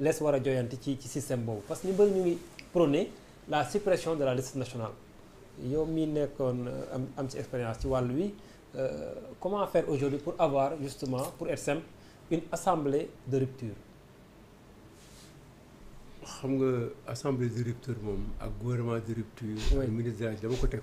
Laisse voir war ci système boobu parce que nous prenons la suppression de la liste nationale Yo mi nekkoon euh, am ci expérience ci walu wi euh, comment faire aujourd'hui pour avoir justement pour être simple une assemblée de rupture xam nga assemblée de rupture mom ak gouvernement de rupture ministre dama ko tek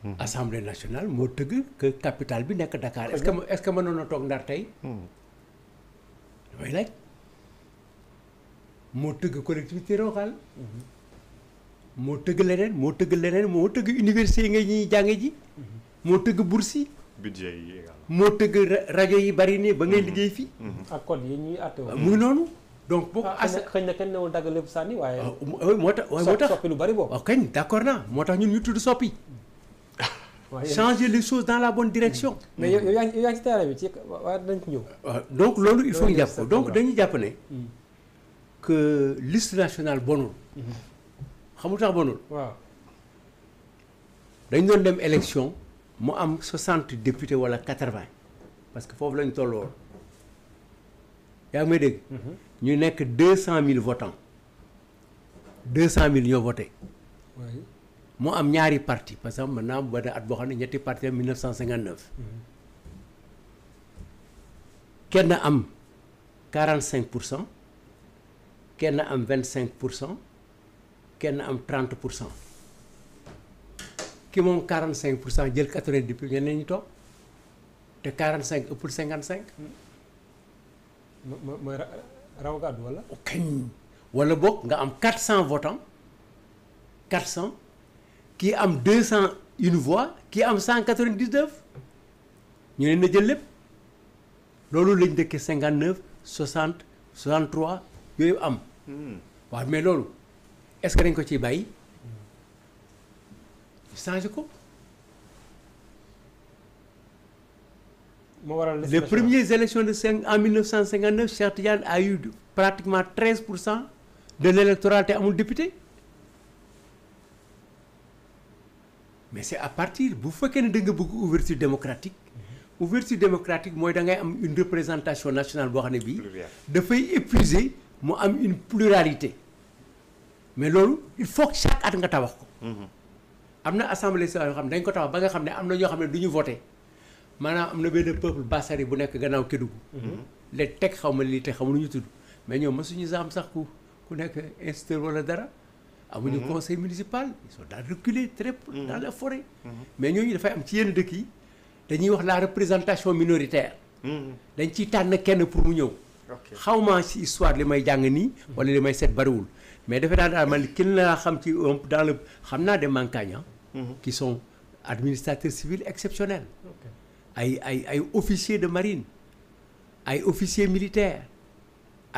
Hmm. assemblée nationale mo teug que capitale bi nek Dakar est ce que est ce que mënoon tok ndar tay hmm way laaj mo teug collectivité locale. mo hmm. teug leneen mo teug leneen mo teug université yi nga ñuy jànge ji. mo hmm. teug bourse budget yi égal mo teug radio yi bari ni ba ngay liggéey hmm ak code yi ñuy àtte ah, mu nonu donc bok ah, as xëñ na kenn neewul dagalé lépp waye ah, motax motax sopi lu bari bok ok d'accord na motax ñun ñu tuddu sopi hmm changer les choses dans la bonne direction. Mm. mais euh, il y a donc il faut que nous donc dañuy mm. que liste nationale bonul. bonne mm-hmm. tax bonul. dañ doon élection moi am 60 députés ou 80 parce que foofu lañ toll woon yaa il n'y a que 200 000 votants 200 000 ont voté. mu am ñaari parti par que mën naa am benn at boo xam ne ñetti parti am 1959 kenn am cinq pour cent kenn am vingt cinq pour cent kenn am trente pour cent ki moom 45 pour cent jël 90 depuis ñeneen ñi toog te 45 cinq 55. mooy mooy raw gàddu wala. Oh, kañ wala boog nga am 400 votants 400. qui a 201 voix, qui a 199. Nous avons fait tout. Nous avons que 59, 60, 63. Ils avons fait Mais Est-ce que nous avons fait ça, Je crois. Les premières élections en 1959, Chartiane a eu pratiquement 13% de l'électorat et député. mais c'est à partir bu fekkee ne da nga bëgg ouverture démocratique ouverture démocratique moy da ngay am une représentation nationale bo xamné bi da fay épuiser mu am une pluralité mais lolu il faut que chaque at nga tabax ko mm-hmm. am assemblée sa yoo xam dañ ko tabax ba nga xamné amna am xamné duñu voter manam amna ñu peuple Bassari bu nek gannaaw Kédougou mm-hmm. les teg xawma li lii te xamuñu ñu tudd mais ñoom mësuñu am sax ku ku nek instituteur wala dara ah le mhm. conseil municipal ils sont dans reculé très mhm. dans la forêt mhm. mais ñooñu fait un ci yenn qui yi dañuy wax la représentation minoritaire dañ un tànn kenn pour mu Je ne ci histoire si l'histoire de nii wala li may seet bariwul mais dafa daal daal man kenn laa xam ci dans le des Mancagnans hein, qui sont administrateurs civils exceptionnels ay ay ay officiers de marine ay officiers militaires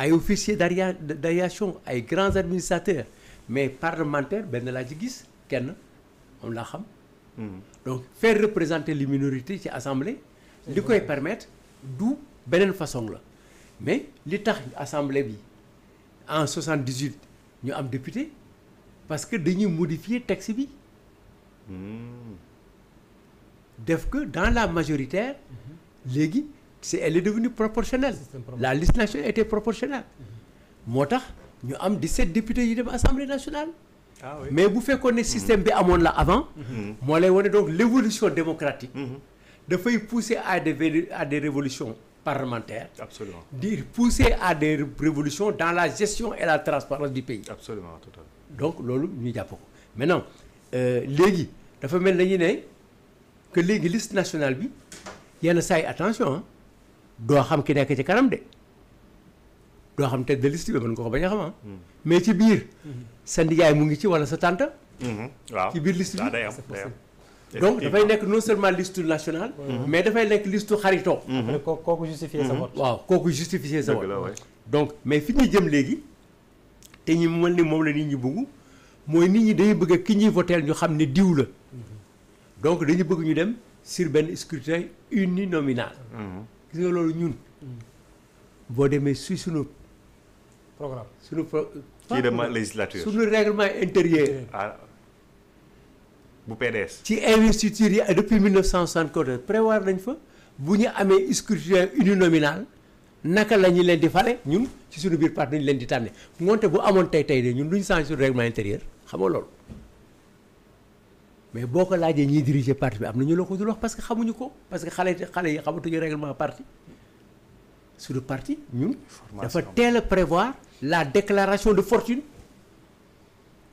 ay officiers d'aviation ay grands administrateurs mais parlementaire parlementaires la ci hmm. donc faire représenter les minorités ci assemblée. li koy permettre du façon mais l'état de assemblée en 78 ñu am député parce que dañuy modifier texte bi. Hmm. def que dans la majoritaire. Hmm. elle est devenue proportionnelle. la législation était proportionnelle nous avons 17 députés de l'assemblée nationale. Ah oui. mais bu le système bi amoon la avant. les mhm. lay wane donc l'évolution démocratique mhm. de faire pousser à des à des révolutions parlementaires. absolument dire pousser à des révolutions dans la gestion et la transparence du pays. absolument total donc nous ñu jàpp pas maintenant euh, les dafa mel nañu ne que l'église nationale il yenn saa attention Il ah, xam ki nekk ci kanam de do xam té de liste bi mën ko ko bañ xam ah. hmm. mais ci biir. Hmm. sa ndijaay mu ngi ci wala sa tante. Hmm. waaw ci biir liste bi ah, donc da fay nek non seulement liste nationale. mais da fay nek liste xaritoo. après kooku justifier sa vote. waaw kooku justifier sa vote. donc mais fi ñuy jëm léegi te ñu mel ni mom la nit ñi bëgg moy nit ñi day bëgg ki ñi voter ñu xam ni diw la donc dañu bëgg ñu dem sur ben scrutin uninominal. gis nga loolu ñun boo demee suy sunu. programme suñu pro. kii de ma législature suñu règlement intérieur. Ah, bu PDS. ci investiture yi depuis 1974 prévoir nañ fa bu ñu amee scrutin uninominal naka la ñu leen di fale ñun ci suñu biir parti ñu leen di tànne moonte bu amoon tey tey de ñun duñu changé suñu règlement intérieur xam nga loolu mais boo ko laajee ñiy diriger parti bi am na ñu la ko dul wax parce que xamuñu ko parce que xale yi xamatuñu règlement parti sur le parti ñun dafa faut prévoir la déclaration de fortune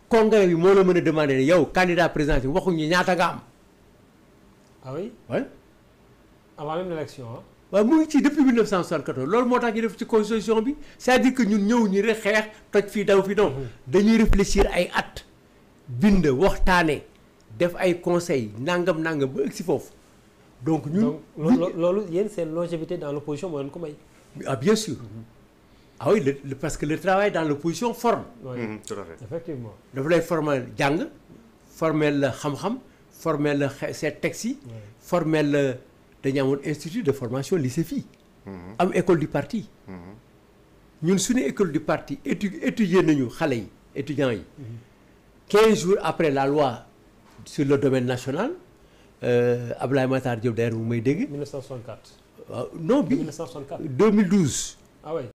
congrès bi moo la demander a demandé a yow candidat présidentiel waxuñu ñaata nga am. ah oui oui. avant même l'élection hein? waaw mu ngi ci depuis 1974 lors moo tax ñu def ci constitution bi c'est-à-dire que nous, nous nous rek xeex toj nous daw fii donc mm-hmm. dañuy réfléchir ay at bind waxtaane def ay conseil nangam nangam ba ëgg si donc ñun lolu yeen une longévité dans l'opposition mo leen ko may ah, bien sûr. Ah oui, parce que le travail dans l'opposition forme. Oui, mhm, Effectivement. Le lay former gang, former le xam former le taxi former le de institut de formation lycée fii. Mhm. école du parti. sommes une école du parti étudier nous, étudiants 15 mhm. jours après la loi sur le domaine national euh, Abdoulaye Matar Diop d'ailleurs 1964 waaw ah, non bi 1964 2012. ah ouais